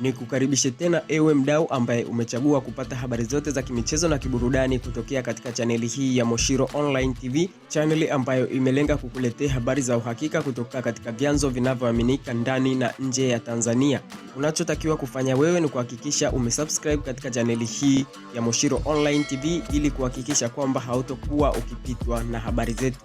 Ni kukaribishe tena ewe mdau ambaye umechagua kupata habari zote za kimichezo na kiburudani kutokea katika chaneli hii ya Moshiro Online TV, chaneli ambayo imelenga kukuletea habari za uhakika kutoka katika vyanzo vinavyoaminika ndani na nje ya Tanzania. Unachotakiwa kufanya wewe ni kuhakikisha umesubscribe katika chaneli hii ya Moshiro Online TV ili kuhakikisha kwamba hautokuwa ukipitwa na habari zetu.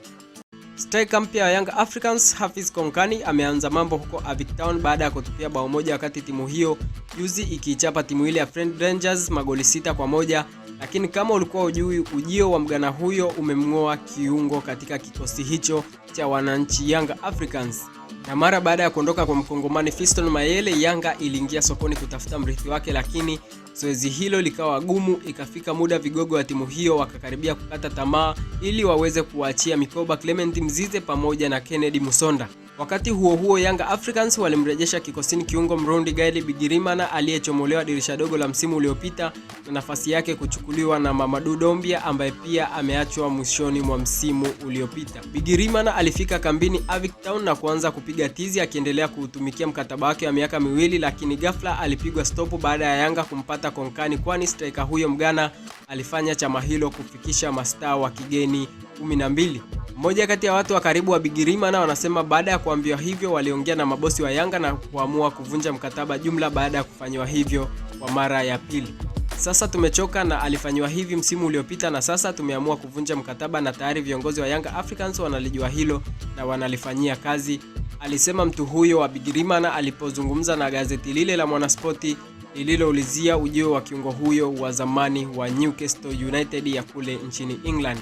Striker mpya wa Young Africans Hafiz Konkani ameanza mambo huko Avic Town baada ya kutupia bao moja wakati timu hiyo juzi ikiichapa timu ile ya Friend Rangers magoli sita kwa moja, lakini kama ulikuwa ujui ujio wa mgana huyo umemng'oa kiungo katika kikosi hicho cha wananchi Young Africans. Na mara baada ya kuondoka kwa mkongomani Fiston Mayele, Yanga iliingia sokoni kutafuta mrithi wake, lakini zoezi hilo likawa gumu. Ikafika muda vigogo wa timu hiyo wakakaribia kukata tamaa ili waweze kuwaachia mikoba Clement Mzize pamoja na Kennedy Musonda. Wakati huo huo, Yanga Africans walimrejesha kikosini kiungo Mrundi Gaili Bigirimana aliyechomolewa dirisha dogo la msimu uliopita na nafasi yake kuchukuliwa na Mamadu Dombia ambaye pia ameachwa mwishoni mwa msimu uliopita. Bigirimana alifika kambini Avic Town na kuanza kupiga tizi akiendelea kuutumikia mkataba wake wa miaka miwili, lakini ghafla alipigwa stopu baada ya Yanga kumpata konkani, kwani striker huyo Mgana alifanya chama hilo kufikisha mastaa wa kigeni 12. Mmoja kati ya watu wa karibu wa Bigirima na wanasema baada ya kuambiwa hivyo waliongea na mabosi wa Yanga na kuamua kuvunja mkataba jumla baada ya kufanyiwa hivyo kwa mara ya pili. Sasa tumechoka na alifanyiwa hivi msimu uliopita na sasa tumeamua kuvunja mkataba na tayari viongozi wa Yanga Africans wanalijua hilo na wanalifanyia kazi, alisema mtu huyo wa Bigirima na alipozungumza na gazeti lile la Mwanaspoti lililoulizia ujio wa kiungo huyo wa zamani wa Newcastle United ya kule nchini England.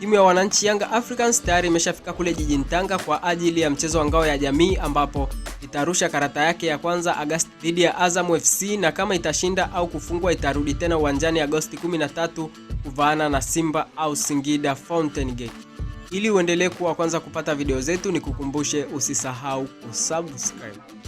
Timu ya wananchi Yanga Africans tayari imeshafika kule jijini Tanga kwa ajili ya mchezo wa ngao ya jamii ambapo itarusha karata yake ya kwanza Agosti dhidi ya Azam FC na kama itashinda au kufungwa itarudi tena uwanjani Agosti 13 kuvaana na Simba au Singida Fountain Gate. Ili uendelee kuwa kwanza kupata video zetu, ni kukumbushe usisahau kusubscribe.